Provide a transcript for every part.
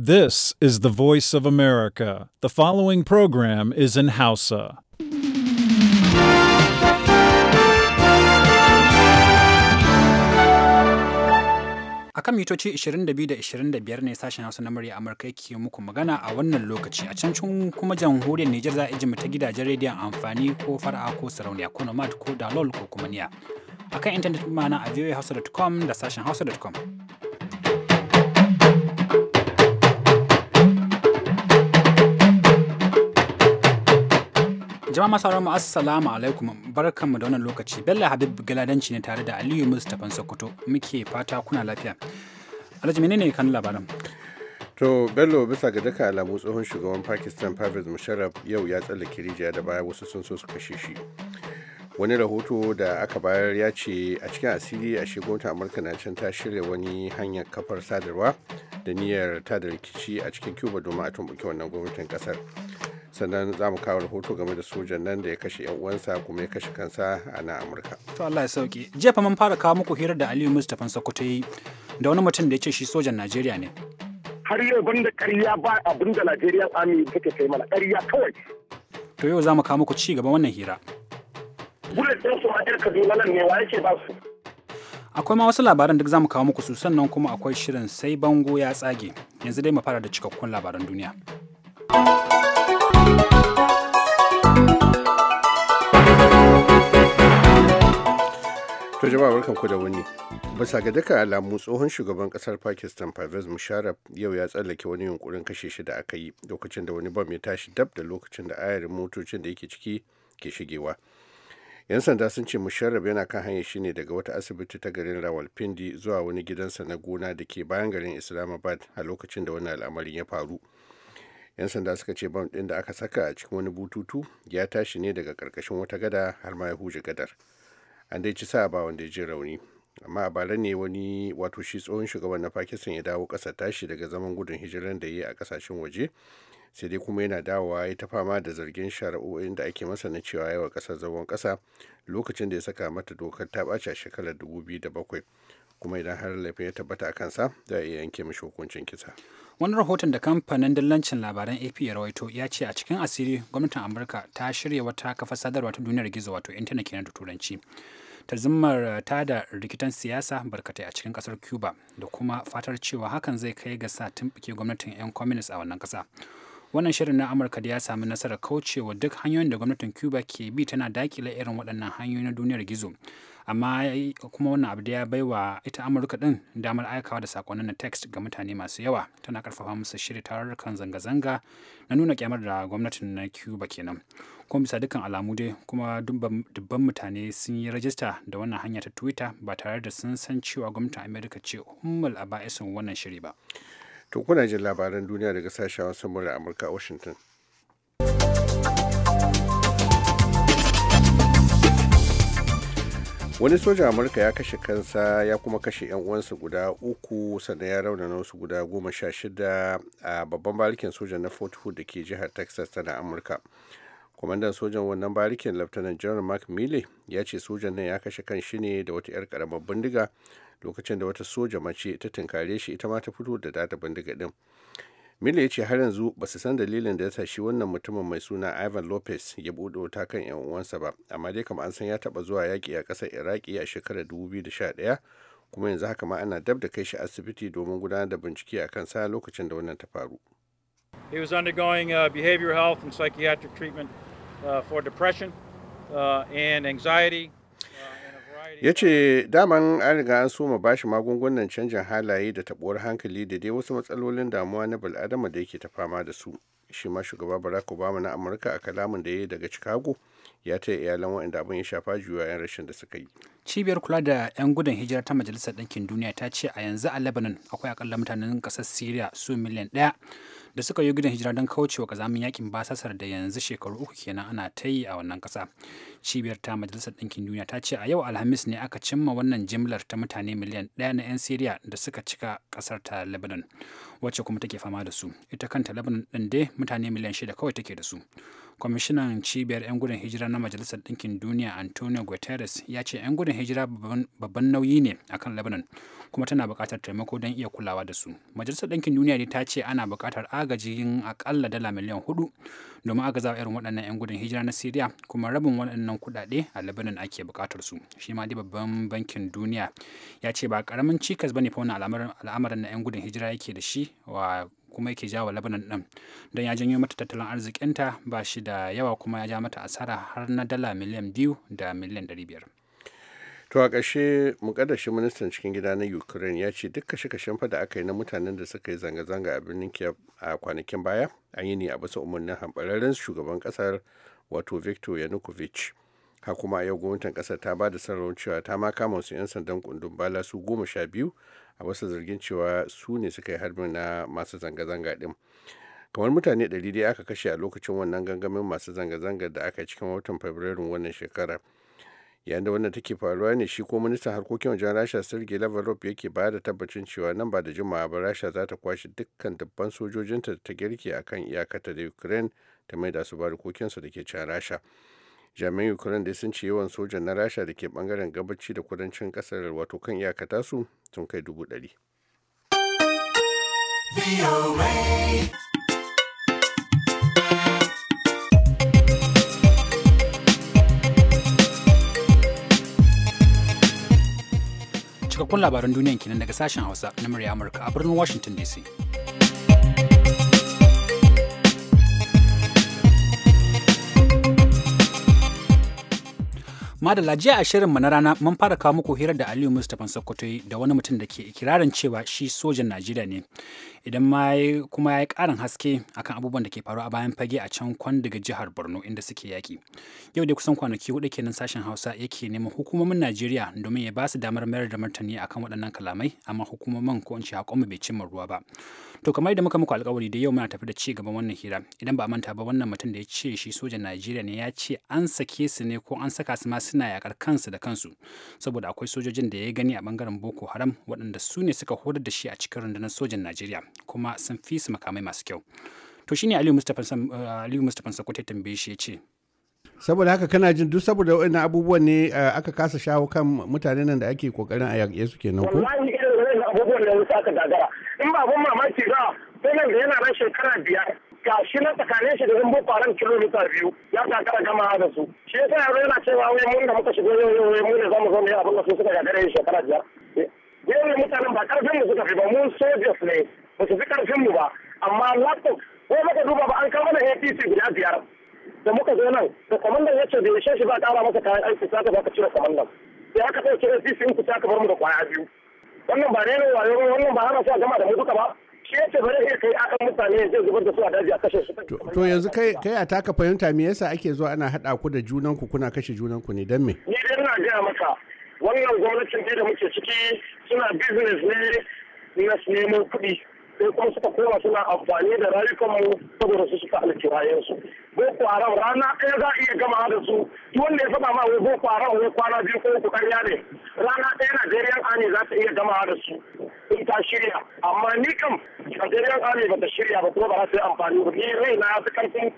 This is the voice of America. The following program is in Hausa. A kan mitoci 22 25 ne sashen Hausa na murya Amurka yake muku magana a wannan lokaci. A can cin kuma jamhuriyar Nijar za a ji mu ta gidajen rediyon amfani ko fara'a ko sarauniya ko nomad ko dalol ko kuma niya. A kan intanet ma na a voahausa.com da sashen hausa.com. Jama'a masu mu assalamu alaikum barkanmu da wannan lokaci Bello Habib Galadanci ne tare da Aliyu Mustapha Sokoto muke fata kuna lafiya. Alhaji menene kan labaran? To Bello bisa ga duka alamu tsohon shugaban Pakistan Pervez Musharraf yau ya tsallake rijiya da baya wasu sun so su kashe shi. wani rahoto da aka bayar ya ce a cikin asiri a gwamnatin amurka na can ta shirya wani hanyar kafar sadarwa da niyyar ta da rikici a cikin cuba domin a tumbuke wannan gwamnatin kasar sannan za mu kawo rahoto game da sojan nan da ya kashe yan uwansa kuma ya kashe kansa a nan amurka to allah ya sauke jefa mun fara kawo muku hirar da aliyu mustapha sokoto yi da wani mutum da ya ce shi sojan najeriya ne har yau da karya ba abin da najeriya tsami take kai mana karya kawai to yau za mu kawo muku ci gaban wannan hira bullet ɗin su ma ka zo nan ne wa yake ba su akwai ma wasu labaran duk zamu kawo muku su sannan kuma akwai shirin sai bango ya tsage yanzu dai mu fara da cikakkun labaran duniya To jama'a barkanku da wani Bisa ga duka alamu tsohon shugaban kasar Pakistan Pervez Musharraf yau ya tsallake wani yunkurin kashe shi da aka yi lokacin da wani bam ya tashi dab da lokacin da ayarin motocin da yake ciki ke shigewa. 'Yan sanda sun ce Musharraf yana kan hanyar shi ne daga wata asibiti ta garin Rawalpindi zuwa wani gidansa na gona da ke bayan garin Islamabad a lokacin da wani al'amarin ya faru. 'Yan sanda suka ce bam ɗin da aka saka a cikin wani bututu ya tashi ne daga ƙarƙashin wata gada har ma ya huje gadar. an dai ci sa ba wanda ya ji rauni amma a bara ne wani wato shi tsohon shugaban na pakistan ya dawo ƙasa tashi daga zaman gudun hijiran da ya yi a kasashen waje sai dai kuma yana dawowa ya ta fama da zargin shari'o'in da ake masa na cewa yawa kasar zagon ƙasa lokacin da ya saka mata dokar ta ɓace a shekarar 2007 kuma idan har laifin ya tabbata a kansa za a iya yanke mashi hukuncin kisa Wani rahoton da kamfanin dillancin labaran AP ya rawaito ya ce a cikin asiri gwamnatin Amurka ta shirya wata kafa sadarwa ta duniyar gizo wato intanet kenan da turanci. tarzimmar ta da rikitan siyasa barkatai a cikin kasar cuba da kuma fatar cewa hakan zai kai ga sa tumɓuke gwamnatin 'yan communist a wannan ƙasa wannan shirin na amurka da ya sami nasarar kaucewa duk hanyoyin da gwamnatin cuba ke bi tana dakile irin waɗannan hanyoyi na duniyar gizo amma kuma wannan abu da ya bai wa ita amurka din damar aikawa da sakonnin na text ga mutane masu yawa tana karfafa musu shirya tarurrukan zanga-zanga na nuna kyamar da gwamnatin na cuba kenan kuma bisa dukkan alamu dai kuma dubban mutane sun yi rajista da wannan hanya ta twitter ba tare da sun san cewa gwamnatin amerika ce ummul a ba'isin wannan shiri ba to kuna jin labaran duniya daga sashen wasu murar amurka washington wani sojan amurka ya kashe kansa ya kuma kashe 'yan uwansa guda uku sannan ya raunana wasu guda goma sha shida a babban barikin sojan na fort hood da ke jihar texas tana amurka kwamandan sojan wannan barikin lieutenant general mark milley ya ce sojan nan ya kashe kan shi ne da wata 'yar karamar bindiga lokacin da wata soja mace ta tinkare shi ita ma ta fito da data bindiga din Miller ya ce har yanzu ba su san dalilin da ya sa shi wannan mutumin mai suna Ivan Lopez ya buɗe wuta kan 'yan uwansa ba, amma dai kamar an san ya taɓa zuwa yaƙi a ƙasar Iraki a shekarar 2011 kuma yanzu haka ma ana dab da kai shi asibiti domin gudanar da bincike a sa lokacin da wannan ta faru. He was undergoing uh, behavioral health and psychiatric treatment uh, for depression uh, and anxiety. ya ce daman an riga an soma bashi magungunan canjin halaye da tabuwar hankali da dai wasu matsalolin damuwa na bil'adama da yake ta fama da su shi ma shugaba barack obama na amurka a kalamin da ya yi daga chicago ya taya iyalan waɗanda abin ya shafa yan rashin da suka yi cibiyar kula da 'yan gudun hijira ta majalisar ɗinkin duniya ta ce a yanzu a lebanon akwai akalla mutanen ƙasar syria su miliyan ɗaya da suka yi gudun hijira don kaucewa kazamin yakin basasar da yanzu shekaru uku kenan ana ta yi a wannan kasa cibiyar ta majalisar ɗinkin duniya ta ce a yau alhamis ne aka cimma wannan jimlar ta mutane miliyan ɗaya na 'yan siriya da suka cika ƙasar ta lebanon wacce kuma take fama da su ita kanta lebanon ɗin dai mutane miliyan shida kawai take da su kwamishinan cibiyar 'yan gudun hijira na majalisar ɗinkin duniya antonio guterres ya ce 'yan gudun hijira babban nauyi ne akan lebanon kuma tana buƙatar taimako don iya kulawa da su majalisar ɗinkin duniya ne ta ce ana buƙatar agajin akalla dala miliyan hudu domin aka zaɓa irin waɗannan 'yan gudun hijira na Siriya kuma rabin waɗannan kuɗaɗe a Lebanon ake buƙatar su. Shi ma dai babban bankin duniya ya ce ba karamin cikas bane fa fauna al'amarin na 'yan gudun hijira yake da shi wa kuma yake jawo labanan ɗin don ya janyo mata tattalin arzikinta ba shi da yawa kuma ya ja mata asara har na dala miliyan biyu da miliyan ɗari biyar. To a ƙashe mukaddashin ministan cikin gida na Ukraine ya ce duk kashe-kashen fada aka yi na mutanen da suka yi zanga-zanga a birnin Kiev a kwanakin baya an yi ne a bisa umarnin hambararren shugaban kasar wato victor Yanukovych. Ha kuma yau gwamnatin ƙasar ta ba da sanarwar cewa ta ma kama wasu 'yan sandan kundin bala su goma sha biyu a wasu zargin cewa su ne suka yi harbin na masu zanga-zanga ɗin. kamar mutane ɗari dai aka kashe a lokacin wannan gangamin masu zanga zanga da aka yi cikin watan fabrairun wannan shekarar yayin da wannan take faruwa ne shi ko ministan harkokin wajen rasha sirge lavrov yake ba da tabbacin cewa nan ba da jimawa ba rasha za ta kwashe dukkan dubban sojojinta da ta girke a kan iyakata da ukraine ta mai da su barikokinsu da ke can rasha jami'an ukraine dai sun ce yawan sojan na rasha da ke bangaren gabaci da kudancin kasar wato kan iyakata su sun kai dubu ɗari. cikakkun labaran duniyan kenan daga sashen Hausa na murya Amurka a birnin Washington DC. Madalla jiya a shirinmu na rana mun fara kawo muku hirar da Aliyu Mustapha Sokoto da wani mutum da ke ikirarin cewa shi sojan Najeriya ne. idan ma kuma ya yi ƙarin haske akan abubuwan da ke faru a bayan fage a can kwan daga jihar borno inda suke yaki yau dai kusan kwanaki hudu kenan sashen hausa yake neman hukumomin najeriya domin ya ba su damar mayar da martani akan waɗannan kalamai amma hukumomin ko in ce haƙonmu bai cimma ruwa ba to kamar yadda muka muku alƙawari da yau muna tafi da ci gaban wannan hira idan ba manta ba wannan mutum da ya ce shi sojan najeriya ne ya ce an sake su ne ko an saka su ma suna yakar kansu da kansu saboda akwai sojojin da ya gani a bangaren boko haram waɗanda su ne suka horar da shi a cikin rundunar sojan najeriya kuma sun fi su makamai masu kyau to shine aliyu mustapha eh, aliyu mustapha sakwata tambaye shi ce saboda haka kana jin duk saboda wannan abubuwan ne eh, aka kasa shawo kan mutanen nan da ake kokarin a yaƙe su kenan ko wallahi irin wannan abubuwan da wasu aka gagara in ba gun mamaki ba sai nan da yana ran shekara biyar gashi na tsakanin shi da zan boko haram kilomita biyu ya gagara gama da su shi yasa yaro yana cewa wai mun da muka shigo yau yau mu ne zamu zo ne abin da su suka gagara shekara biyar yau mutanen ba karfin mu suka fi ba mun sojas ne ba su fi karfin mu ba amma laptop ko muka duba ba an kawo mana APC guda biyar da muka zo nan da kwamandan yace ce da yashe shi ba ƙara masa kayan aiki sa ka baka cire kwamandan sai aka ɗauke APC in ku ta bar mu da kwaya biyu wannan ba rena wayo wannan ba hana su a gama da mu duka ba shi ya ce bari ya kai akan mutane zai zubar da su a daji a kashe su to yanzu kai kai a taka fahimta me yasa ake zuwa ana haɗa ku da ku kuna kashe junanku ne dan me ni dai ina gaya maka wannan gwamnatin da muke ciki suna business ne na neman kuɗi sai kuma suka koma suna amfani da rayukanmu saboda su suka halci rayuwarsu. boko haram rana ɗaya za a iya gama da su duk wanda ya faɗa ma wai boko haram wai kwana biyu ko uku ƙarya ne rana ɗaya najeriyan ani za ta iya gama da su in ta shirya amma ni kam najeriyan ani ba ta shirya ba kuma ba za ta yi amfani ba ni raina ya fi karfin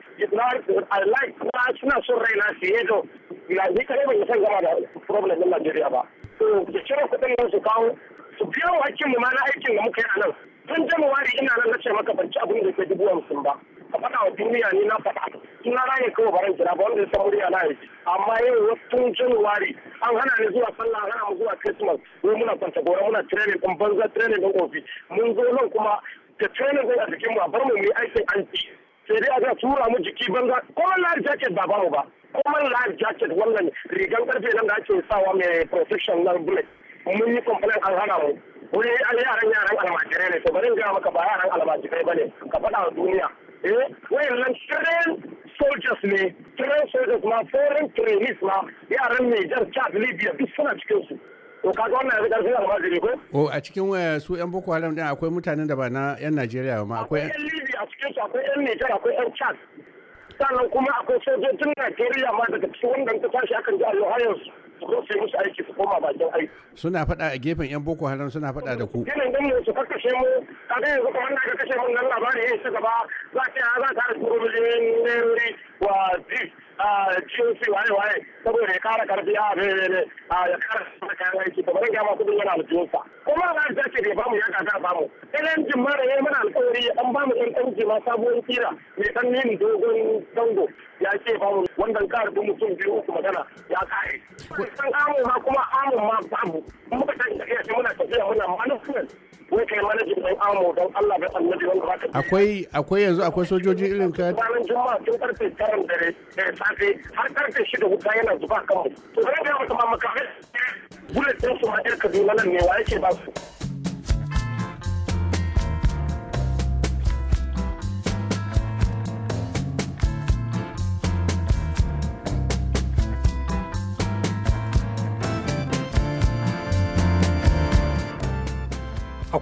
i like na suna son raina fiye da ni kare ban yi son gama da problem ɗin najeriya ba to da cire kuɗin nan su kawo su biya hakkin mu ma na aikin da muka yi a nan tun januwari ina nan ce maka ban ci abin da ke dubu hamsin ba a faɗa wa duniya ne na faɗa tun na raye kawai baran jira ba wanda ya san murya na yi amma yau tun januwari an hana ni zuwa sallah hana mu zuwa christmas mu muna kwanta gora muna training din banza training din ofi mun zo nan kuma da training din a jikin mu a bar mu mu yi aikin anti sai dai a ga tura mu jiki banza kuma na jacket ba bamu ba kuma life jacket wannan rigan karfe nan da ake sawa mai protection na bullet mun yi complain an hana mu wuri an yaran yaran almajirai ne to bari in gaya maka ba yaran almajirai ba ne ka faɗa wa duniya eh nan shirin soldiers ne train soldiers ma foreign trainees ma yaran Niger Chad Libya duk suna cikin su to kaga wannan yanzu karfin almajiri ko oh a cikin waya su yan Boko Haram din akwai mutanen da ba na yan Najeriya ma akwai yan Libya a cikin su akwai yan Niger akwai yan Chad sannan kuma akwai sojojin Najeriya ma daga cikin wannan ta tashi akan ji a yanzu su rufe musu aiki su koma bakin aiki. Suna faɗa a gefen 'yan Boko Haram suna faɗa da ku. Yanin gwamnati su karkashe mu, kaga yanzu kamar an aka kashe mun nan labarin yin eh, su gaba za ta za ta da turo miliyoyin nerori wa ji a su waye waye saboda ya kara karfi a bebele a ya kara kayan aiki kamar ya ma kudin yana sa. Kuma a da ce bai bamu ya gagar bamu. Ɗan jimma da ya mana alƙawari an bamu ɗan ɗan jima sabuwar kira mai ɗan yin dogon dango. ya ce babu wannan karfin mutum biyu uku magana ya kare san amun ma kuma amun ma babu muka tashi tafiya sai muna tafiya muna management wai kai manajin dan amu don Allah ga annabi wanda ba akwai akwai yanzu akwai sojoji irin ka ranar juma'a tun karfe 9 dare da safe har karfe 6 wuta yana zuba kan mu to zan ga mutum ma makamai bullet din su ma ɗan kaduna nan ne wa yake ba su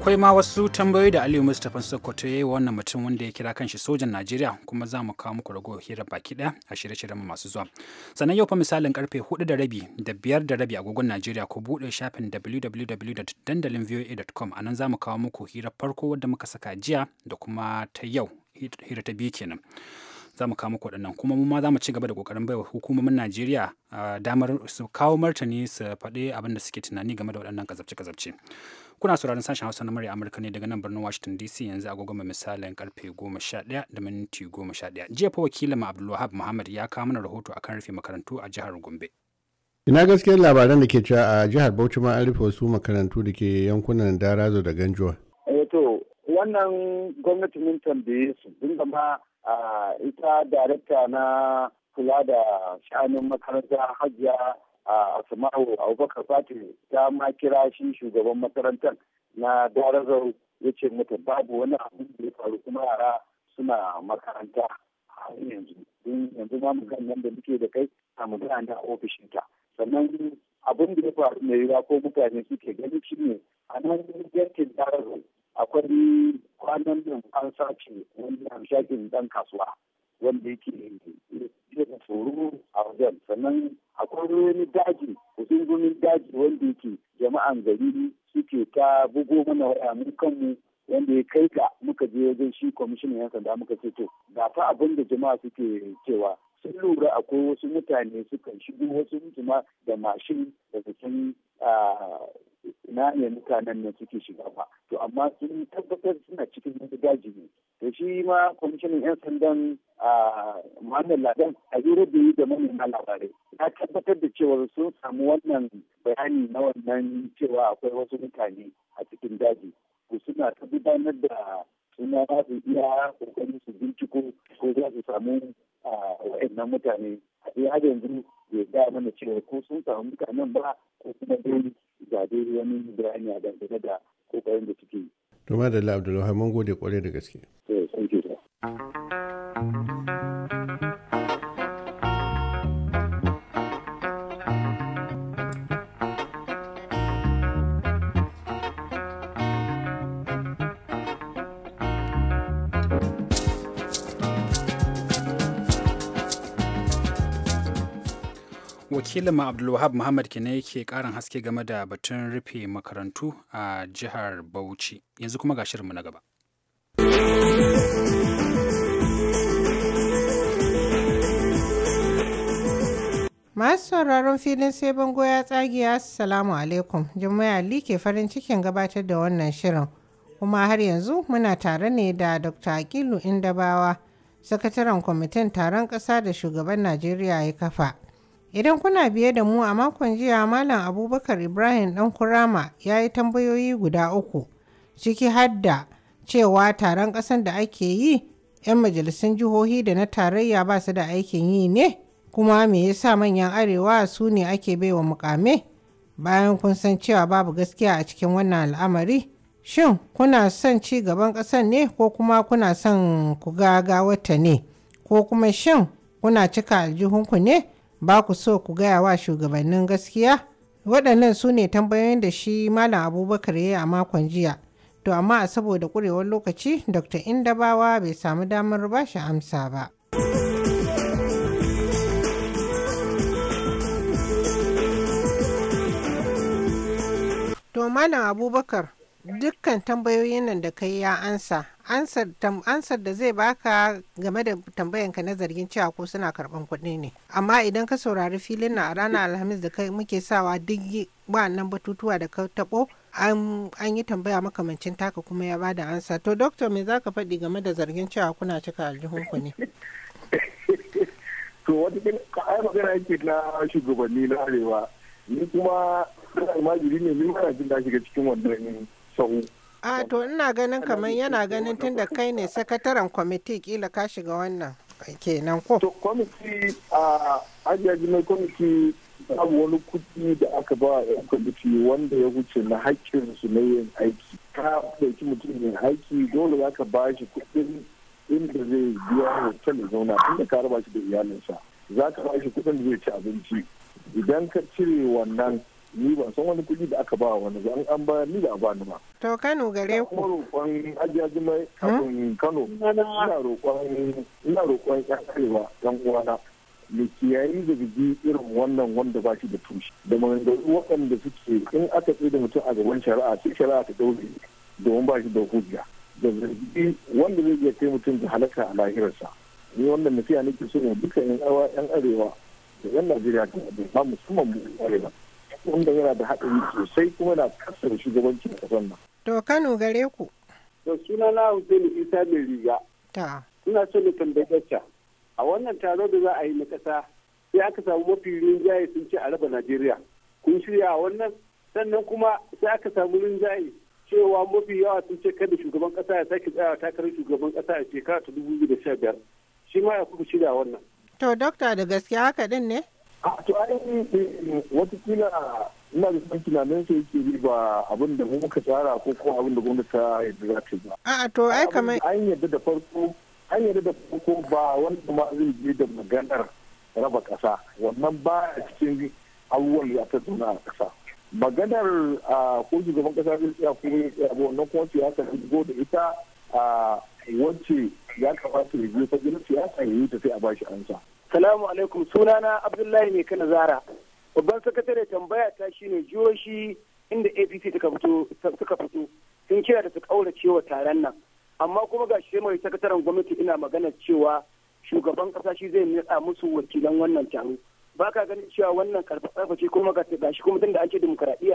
akwai ma wasu tambayoyi da aliyu mustapha sokoto ya yi wa wannan mutum wanda ya kira kanshi sojan najeriya kuma za mu kawo muku ragowar hira baki ɗaya a shirye-shiryen masu zuwa sannan yau fa misalin karfe hudu da rabi da biyar da rabi agogon najeriya ku buɗe shafin www.dandalinvoa.com a nan za mu kawo muku hira farko wadda muka saka jiya da kuma ta yau hira ta biyu kenan za mu kawo muku waɗannan kuma mu ma za mu ci gaba da ƙoƙarin baiwa hukumomin Najeriya damar su kawo martani su faɗi abin da suke tunani game da waɗannan kazabce-kazabce. Kuna sauraron sashen Hausa na murya Amurka ne daga nan birnin Washington DC yanzu agogo mai misalin karfe 11 da minti 11. Jiya fa wakilin mu Abdulwahab Muhammad ya kawo mana rahoto akan rufe makarantu a jihar Gombe. ina gaskiyar labaran da ke cewa a jihar bauchi ma an rufe wasu makarantu da ke yankunan darazo da ganjuwa eh to wannan gwamnati mun tambaye su dinga ma ita darakta na kula da shanun makaranta hajiya a asma'u abubakar fati ta ma kira shi shugaban makarantar na darazar ya ce mata babu wani abu da ya faru kuma yara suna makaranta har yanzu don yanzu ma nan da muke da kai a mu da ofishin ta sannan abin da ya faru mai yiwuwa ko mutane suke ganin shi ne a nan yankin darazar akwai kwanan nan an sace wani hamshakin dan kasuwa wanda yake da tsoro a wajen sannan akwai wani daji kusurgumin daji wanda yake jama'an gari suke ta bugo mana waya mun kanmu wanda ya kai ga muka je wajen shi kwamishinan yan sanda muka ce to ga fa abin da jama'a suke cewa sun lura akwai wasu mutane sukan shigo wasu mutuma da mashin da cikin ina ne mutanen nan suke shiga ba to amma sun tabbatar suna cikin wani daji ne to shi ma kwamishinan yan sandan muhammad ladan a hira da yi da manoma labarai ya tabbatar da cewa sun samu wannan bayani na wannan cewa akwai wasu mutane a cikin daji suna ta gudanar da kuma za su iya kokarin su binciko ko za su samu a wa'annan mutane a sai har yanzu bai gaya mana cewa ko sun samu mutanen ba ko kuma dai ga dai wani bayani a dangane da kokarin da suke yi. Tuma da Abdullahi mun gode kwarai da gaske. Eh, thank you. wakilin ma abdulwahab muhammad kine yake karin haske game da batun rufe makarantu a jihar bauchi yanzu kuma ga shirinmu na gaba masu sauraron filin sai bango ya ya assalamu alaikum jami'a ali ke farin cikin gabatar da wannan shirin kuma har yanzu muna tare ne da dr akilu indabawa sakataren kwamitin taron ƙasa da shugaban najeriya ya kafa Idan kuna biye da mu a makon jiya Malam Abubakar Ibrahim ɗan Kurama ya yi tambayoyi guda uku, ciki hadda cewa taron ƙasan da ake yi 'yan majalisun jihohi da na tarayya ba su da aikin yi ne kuma me yasa manyan arewa su ne ake baiwa mukame bayan kun san cewa babu gaskiya a cikin wannan al'amari shin kuna son ci gaban ƙasan ne ko kuma kuna son ku ga wata ne ko kuma shin kuna cika aljihunku ne ba ku so ku gaya wa shugabannin gaskiya waɗannan su ne tambayoyin da shi malam abubakar ya yi a makon jiya to amma a saboda ƙurewar lokaci dr indabawa bai samu damar ba shi amsa ba to malam abubakar dukkan tambayoyin nan da kai ya ansa ansar da zai baka game da tambayanka na zargin cewa ko suna karban kuɗi ne amma idan ka saurari filin na a ranar alhamis da kai muke sawa duk wa'annan batutuwa da ka taɓo an yi tambaya makamancin taka kuma ya bada ansa to doktor me za ka faɗi game da zargin cewa kuna cika aljihunku ne to wata ai magana yake na shugabanni na arewa ni kuma ina imajiri ne ni mana jin da shiga cikin wannan sau. a to ina ganin kamar yana ganin tun da kai ne sakataren kwamiti kila ka shiga wannan kenan ko to kwamiti a ajiyaji mai kwamiti babu wani kuɗi da aka ba a yan kwamiti wanda ya wuce na su na yin aiki ka ɗauki mutum yin aiki dole za ka ba shi inda zai biya hotel da zauna inda ka raba shi da iyalinsa za ka ba shi kuɗin da zai ci abinci idan ka cire wannan ni ban san wani kuɗi da aka ba wani zan an bayar ni da abani ni ba. To Kano gare ku. Ina roƙon ajiyaji mai kafin hmm? Kano. Ina roƙon ina roƙon ƴan arewa ɗan uwana. kiyaye kiyayi gidi irin wannan wanda ba shi da tushe. Da maganganu waɗanda suke in aka tsaye da mutum a gaban shari'a sai shari'a ta daure domin ba shi da hujja. Da zargi wanda zai iya kai mutum da halaka a lahirar sa. Ni wannan nasiha nake so ne duka ƴan arewa da ƴan Najeriya da ba musamman mu arewa. wanda yana da haɗari sosai kuma na kasar shugabancin ƙasar nan. To Kano gare ku. To suna na Hussein Isa mai riga. Ta. Suna so na tambayarca. A wannan taro da za a yi na ƙasa sai aka samu mafi rinjaye sun ce a raba Najeriya. Kun shirya a wannan sannan kuma sai aka samu rinjaye cewa mafi yawa sun ce kada shugaban ƙasa ya sake tsayawa takarar shugaban ƙasa a shekara ta dubu biyu da sha biyar. Shi ma ya kuma shirya wannan. To dokta da gaskiya haka din ne? a ah, to ainihin eh, watakila ina da san tunanin sai yake bi ba abin da muka tsara ko kuma abin da gwamnati ta yadda za ta ba. A to ai kamar an yadda da farko an yadda da farko ba wanda ma zai je da maganar raba ƙasa wannan ba a cikin abubuwan da ta zauna a ƙasa. Maganar ko shugaban ƙasa zai tsaya ko ya tsaya ba wannan kuma siyasa ta shigo da ita wacce ya kamata ya ta gina siyasa ya yi ta sai a bashi ansa. Salamu alaikum sunana Abdullahi ne kana zara. Babban sakatare tambaya ta shine jihohi inda APC suka fito sun kira da su kaurace wa taron nan. Amma kuma ga shi mai sakataren gwamnati ina magana cewa shugaban kasa shi zai nutsa musu wakilan wannan taro. Ba ka ganin cewa wannan karfafa ce kuma ga shi kuma tunda da ce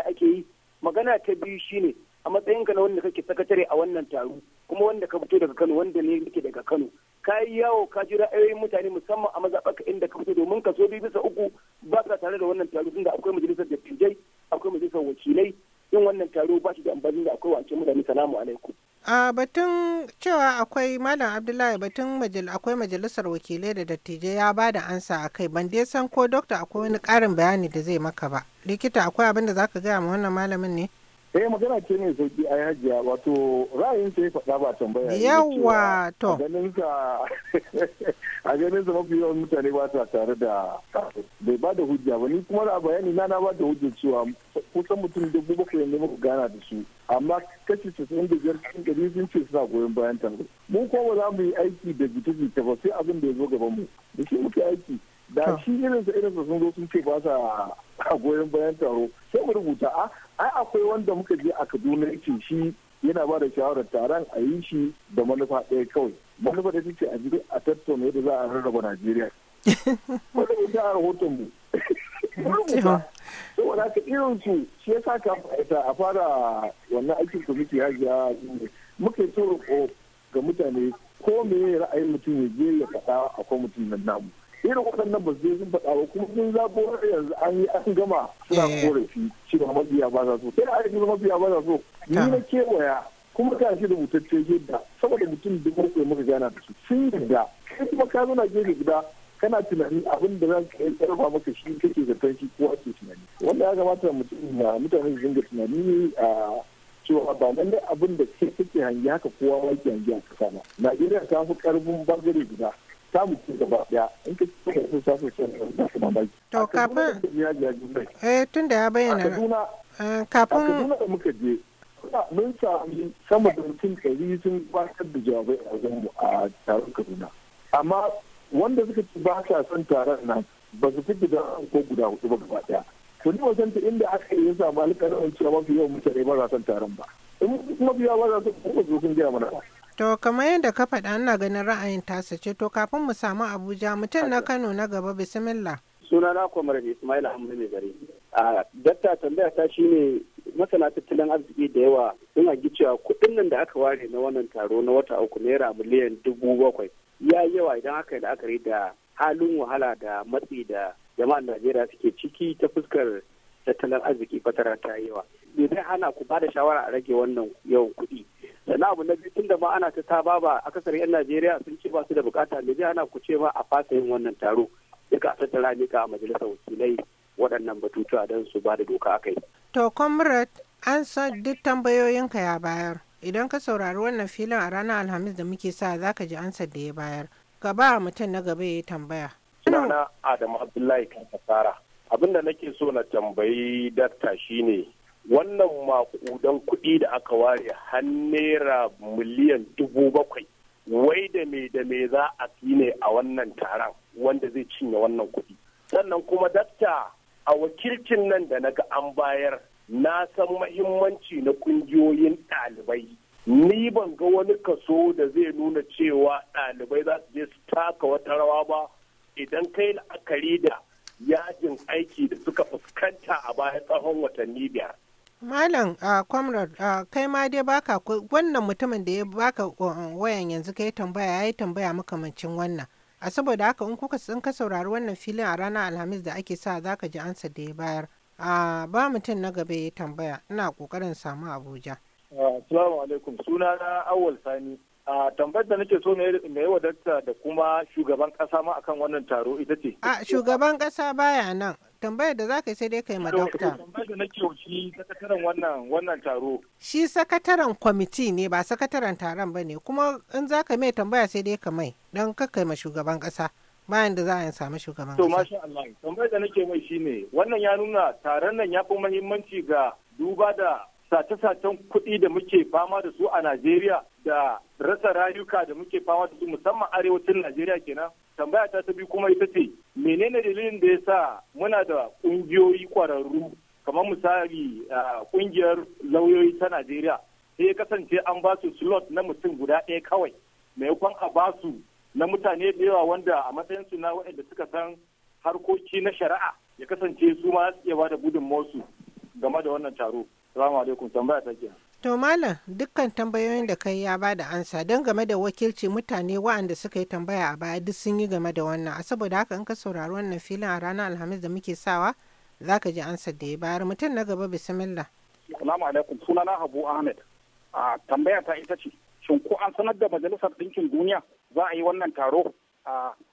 ake yi magana ta biyu shine a matsayinka na wanda kake sakatare a wannan taro kuma wanda ka fito daga Kano wanda ne yake daga Kano ka yi yawo ka ji ra'ayoyin mutane musamman a ka inda ka fito domin ka so bi bisa uku ba ka tare da wannan taro tunda akwai majalisar dattijai akwai majalisar wakilai in wannan taro ba shi da ambaci da akwai wancan mutane salamu alaikum. a batun cewa akwai malam abdullahi batun akwai majalisar wakilai da dattijai ya ba da ansa a kai ban dai san ko dokta akwai wani karin bayani da zai maka ba likita akwai abin da zaka gaya ma wannan malamin ne. eh magana ce mai sauki a hajiya wato ra'ayin ya faɗa ba tambaya yawa to a ganin sa mafi yawan mutane ba sa tare da bai ba da hujja ba ni kuma a bayani na na ba da hujja cewa kusan mutum dubu bakwai yanzu muka gana da su amma kashi casa'in da biyar cikin ɗari sun ce suna goyon bayan ta mu ko ba za mu yi aiki da jita-jita ba sai abin da ya zo gaban mu da shi muke aiki da shi irinsa irinsa sun zo sun ce ba sa a goyon bayan taro sai mu rubuta a ah, ai akwai wanda muka je a kaduna yake shi yana ba da shawarar taron a yi shi da manufa ɗaya kawai manufa da ce a jiri a tattauna yadda za a rarraba najeriya wanda mun a rahoton mu saboda haka irin su shi ya sa ka a fara wannan aikin kwamiti ya ga muka yi ko ga mutane ko me ra'ayin mutum ya je ya faɗa a kwamitin nan namu irin waɗannan ba zai sun faɗa ba kuma sun zaɓo yanzu an yi an gama suna eh. korafi cewa mabiya ba za so sai a yi mabiya ba za so ni na kewaya kuma ka shi rubutacce yadda saboda mutum duk ya muka gana da su sun yadda kai kuma ka zauna gefe guda kana tunani abin da za ka yi karfa maka shi kake zaton shi ko ake tunani wanda ya kamata mutane su dinga tunani a cewa ba lallai abin da kake hangi haka kowa ma ke hangi a kasa na najeriya ta fi karfin bangare guda samu ci gaba in ka ci gaba sun samu ci gaba to kafin eh tun da ya bayyana eh, kafin kaduna da muka je mun sami sama da mutum ka sun gabatar da jawabai a ka a taron kaduna amma wanda suka ci ba sa son taron nan ba su fi guda ko guda hudu ba gaba daya to ni wajen ta inda aka yi yasa ba cewa mafi yawan mutane ba za son taron ba in mafi yawan za su kuma zo gaya mana ba To kamar yadda ka faɗa ana ganin ra'ayin tasa ce to kafin mu samu Abuja mutum na Kano na gaba bismillah. Suna na kwamar Ismail Ahmadu zare. gari. A datta tambaya ta shine masana tattalin arziki da yawa suna gicewa kuɗin nan da aka ware na wannan taro na wata uku naira miliyan dubu bakwai ya yi yawa idan aka yi la'akari da halin wahala da matsi da jama'an najeriya suke ciki ta fuskar tattalin arziki fatara ta yawa idan ana hana ku ba da shawara a rage wannan yawan kuɗi na abu na biyu tun da ma ana ta ta a kasar yan najeriya sun ce ba su da bukata me zai ana ku ma a fasa yin wannan taro duka a tattara ne ka majalisar wakilai waɗannan batutuwa don su ba da doka akai to comrade an san duk tambayoyinka ya bayar idan ka saurari wannan filin a ranar alhamis da muke sa za ka ji ansar da ya bayar gaba mutum na gaba ya yi tambaya. sunana adamu abdullahi kan fasara abin nake so na tambayi dakta shine wannan makudan kuɗi da aka ware har naira miliyan dubu bakwai wai da me da me za a fi ne a wannan taron wanda zai cinye wannan kuɗi sannan kuma dakta a wakilcin nan da na ga an bayar na san mahimmanci na kungiyoyin ɗalibai ni ban ga wani kaso da zai nuna cewa ɗalibai za su je su taka wata rawa ba idan kai la'akari da yajin aiki da suka fuskanta a baya tsawon watanni biyar Malam a Comrade kai ma dai baka wannan mutumin da ya baka wayan yanzu kai tambaya ya yi tambaya makamancin wannan. A saboda haka in kuka ka saurari wannan filin a ranar Alhamis da ake sa za ka ji ansa da ya bayar. ba mutum na gaba ya tambaya ina kokarin samu Abuja. Assalamu alaikum suna na Awal Sani. a tambayar da nake so na yi wadatta da kuma shugaban kasa ma akan wannan taro ita ce. A shugaban kasa baya nan tambaya da za ka sai dai kai ma dokta. shi sakataren taro. Shi sakataren kwamiti ne ba sakataren taron ba ne kuma in za ka mai tambaya sai dai ka mai don ka kai ma shugaban kasa bayan da za a samu shugaban kasa. To masha Allah tambayar da nake mai ne wannan ya nuna taron nan ya fi muhimmanci ga duba da sace-sacen kuɗi da muke fama da su a Najeriya da rasa rayuka da muke fama da su musamman arewacin Najeriya kenan. Tambaya ta ta biyu kuma ita ce menene dalilin da ya sa muna da ƙungiyoyi ƙwararru kamar misali ƙungiyar lauyoyi ta Najeriya sai ya kasance an ba su slot na mutum guda ɗaya kawai maimakon a ba su na mutane da yawa wanda a matsayinsu na waɗanda suka san harkoki na shari'a ya kasance su ma su iya ba da gudunmawarsu game da wannan taro. Salamu alaikum tambaya ta To malam dukkan tambayoyin da kai ya ba da ansa don game da wakilci mutane waɗanda suka yi tambaya a baya duk sun yi game da wannan a saboda haka in ka saurari wannan filin a ranar alhamis da muke sawa za ka ji ansa da ya bayar mutum na gaba bismillah. Salamu alaikum sunana Habu Ahmed a tambaya ta ita ce shin ko an sanar da majalisar ɗinkin duniya za a yi wannan taro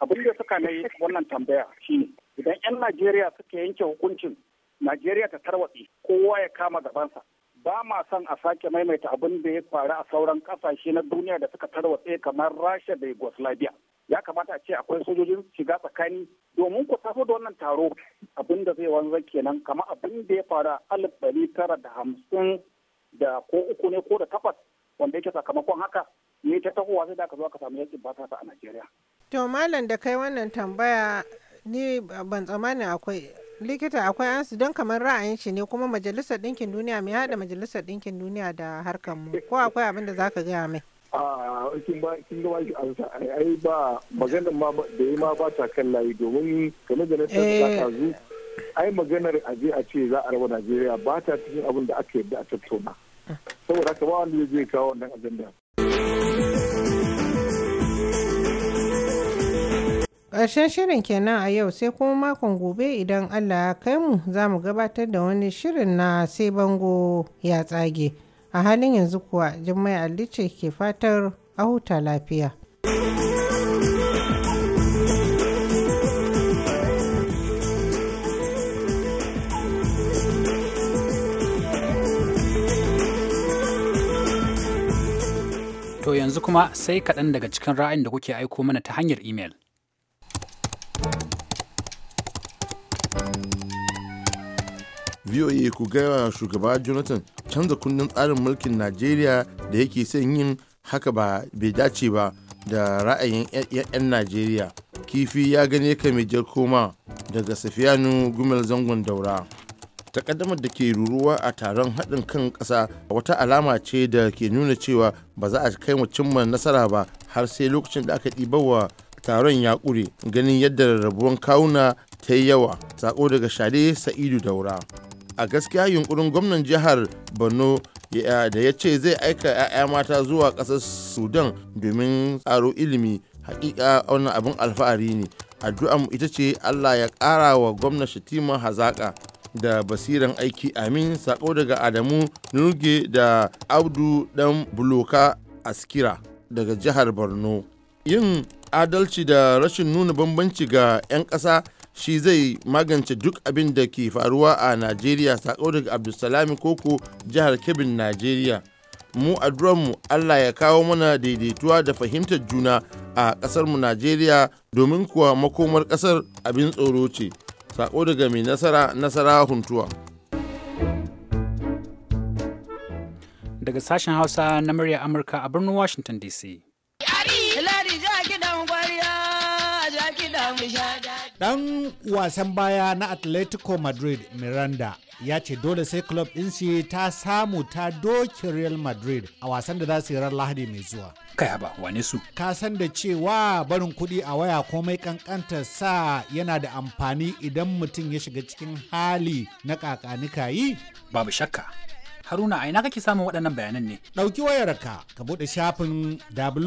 abin da suka mai wannan tambaya shine idan 'yan Najeriya suka yanke hukuncin Najeriya ta tarwatse kowa ya kama gabansa. Ba ma son a sake maimaita abin da ya faru a sauran kasashe na duniya da suka tarwatse kamar Rasha da Yugoslavia. Ya kamata a ce akwai sojojin shiga tsakani domin ku tafi da wannan taro abin da zai wanzu kenan kamar abin da ya faru a alif tara da hamsin da ko uku ne ko da takwas wanda yake sakamakon haka ne ta tahowa sai da aka zo aka samu yakin bata a Najeriya. To malam da kai wannan tambaya ni ban tsammanin akwai likita akwai su don kamar ra'ayin shi ne kuma majalisar ɗinkin duniya mai haɗa majalisar ɗinkin duniya da harkar mu ko akwai abin da zaka gaya mai kin ba kin ga shi ansa ai ba maganar ma da yi ma ba ta kan layi domin game da ta eh. zu ai maganar a je a ce za a raba Najeriya ba ta cikin abin da aka yarda a tattauna mm. saboda haka ba wanda zai kawo wannan ajanda Ƙarshen shirin kenan a yau sai kuma makon gobe idan Allah ya kai mu za mu gabatar da wani shirin na sai bango ya tsage. A halin yanzu kuwa Jummai alice ce ke fatar a huta lafiya. To yanzu kuma sai kaɗan daga cikin ra'ayin da kuke aiko mana ta hanyar imel. voa ku gaya shugaba jonathan canza kundin tsarin mulkin najeriya da yake son yin haka ba bai dace ba da ra'ayin 'yan najeriya kifi ya gane ka mai koma daga safiyanu gumel zangon daura takaddamar da ke ruruwa a taron haɗin kan ƙasa wata alama ce da ke nuna cewa ba za a kai mu cimma nasara ba har sai lokacin da aka ɗibawa taron ya ƙure ganin yadda rarrabuwar kawuna ta yi yawa sako daga shade sa'idu daura a gaskiya yunkurin gwamnan jihar borno da ya ce zai aika 'ya'ya mata zuwa ƙasar sudan domin tsaro ilimi hakika wannan abin alfahari ne addu'a mu ita ce allah ya ƙara wa gwamnan shatima hazaƙa da basiran aiki amin sako daga adamu nuge da abdu dan buloka askira daga jihar borno yin adalci da rashin nuna bambanci ga 'yan ƙasa shi zai magance duk abin da ke faruwa a najeriya sako daga abdulsalami koko jihar kebin najeriya mu mu allah ya kawo mana daidaituwa da fahimtar juna a ƙasarmu najeriya domin kuwa makomar ƙasar abin tsoro ce sako daga mai nasara nasara huntuwa daga sashen hausa na murya amurka a birnin washington dc Hillary, Hillary, dan wasan baya na atletico madrid miranda ya ce dole sai club ɗinsu ta samu ta doki real madrid a wasan da za su yi ran lahadi mai zuwa kaya ba wani su ka san da cewa barin kuɗi a waya komai kankanta sa yana da amfani idan mutum ya shiga cikin hali na kakanika yi babu shakka Haruna a ina kake samun waɗannan bayanan ne? Ɗauki wayarka ka buɗe shafin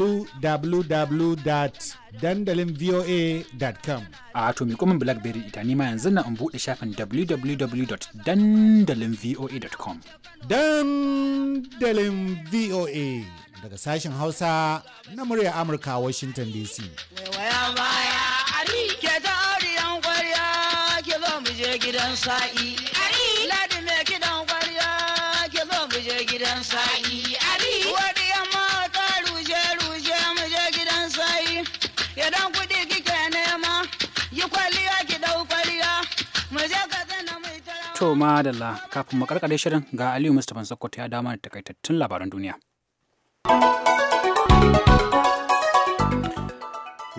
www.dandalinvoa.com. A to mi kuma Blackberry ita nima ma yanzu na in buɗe shafin www.dandalinvoa.com. Dandalin VOA daga sashen Hausa na murya Amurka Washington DC. Waya baya, a ke ta ke mu je gidan sa'i. gidan sayi ali wani yamma ta rushe rushe mu je gidan sayi idan kuɗi kike nema yi kwaliya ki dau kwaliya mu je ka zana mai tara to madalla kafin mu karkare shirin ga aliyu mustapha sokoto ya dama da takaitattun labaran duniya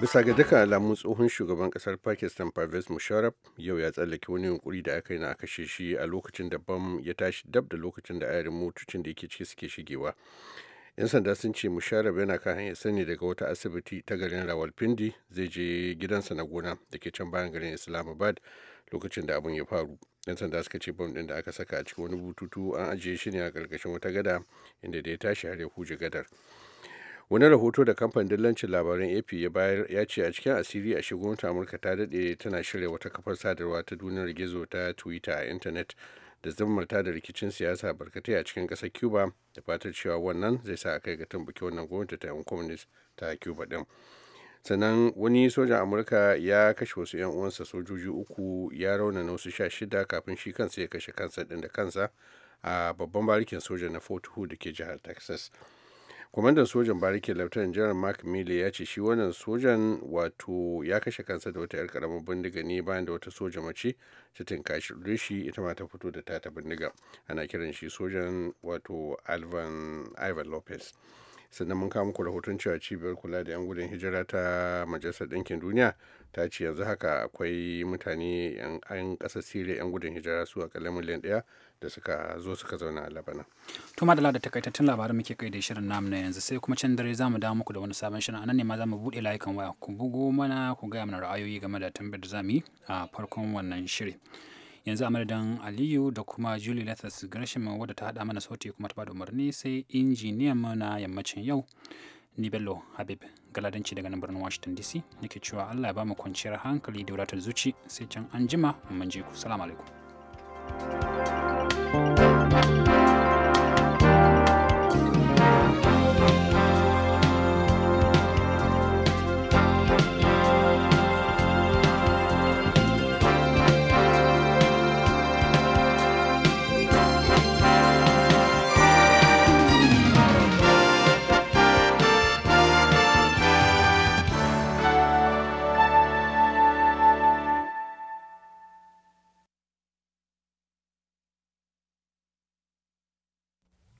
bisa ga duka alamun tsohon shugaban kasar pakistan pervez musharraf yau ya tsallake wani yunkuri da aka yi na aka shi a lokacin da bam ya tashi dab da lokacin da ayarin motocin da yake ciki suke shigewa yan sanda sun ce musharraf yana kan hanyar sani daga wata asibiti ta garin rawalpindi zai je gidansa na gona da ke can bayan garin islamabad lokacin da abin ya faru yan sanda suka ce bam din da aka saka a cikin wani bututu an ajiye shi ne a karkashin wata gada inda da ya tashi har ya huje gadar wani rahoto da kamfanin dillancin labaran ap ya bayar ya ce a cikin asiri a shigo amurka ta daɗe tana shirya wata kafar sadarwa ta duniyar gizo ta twitter a intanet da zammarta da rikicin siyasa barkatai a cikin kasar cuba da fatar cewa wannan zai sa a kai ga tumbuke wannan gwamnati ta yan communist ta cuba din sannan wani sojan amurka ya kashe wasu 'yan uwansa sojoji uku ya rauna na wasu sha shida kafin shi kansa ya kashe kansa ɗin da kansa a babban barikin soja na fort hood da ke jihar texas kwamandan sojan barike lieutenant general mark miller ya ce shi wannan sojan wato ya kashe kansa da wata 'yar karamar bindiga ne bayan da wata soja mace ta tinka shi ita ma ta fito da ta ta bindiga ana kiran shi sojan wato alvan ivan lopez sannan mun kawo muku rahoton cewa cibiyar kula da 'yan gudun hijira ta majalisar ɗinkin duniya ta ce yanzu haka akwai mutane 'yan ƙasa siriya 'yan gudun hijira su a akalla miliyan ɗaya da suka zo suka zauna a labanan. to madala da takaitattun labarin muke kai da shirin namu na yanzu sai kuma can dare za mu dawo muku da wani sabon shirin anan ne ma za mu buɗe layukan waya ku bugo mana ku gaya mana ra'ayoyi game da tambayar da za mu yi a farkon wannan shirin. yanzu a madadin aliyu da kuma julie lethas gresham wadda ta hada mana sauti kuma ta bada umarni sai injiniyan mana yammacin yau ni bello habib galadanci daga nan birnin washington dc nake cewa allah ya ba mu kwanciyar hankali da wadatar zuci sai can an jima mun je ku salamu alaikum thank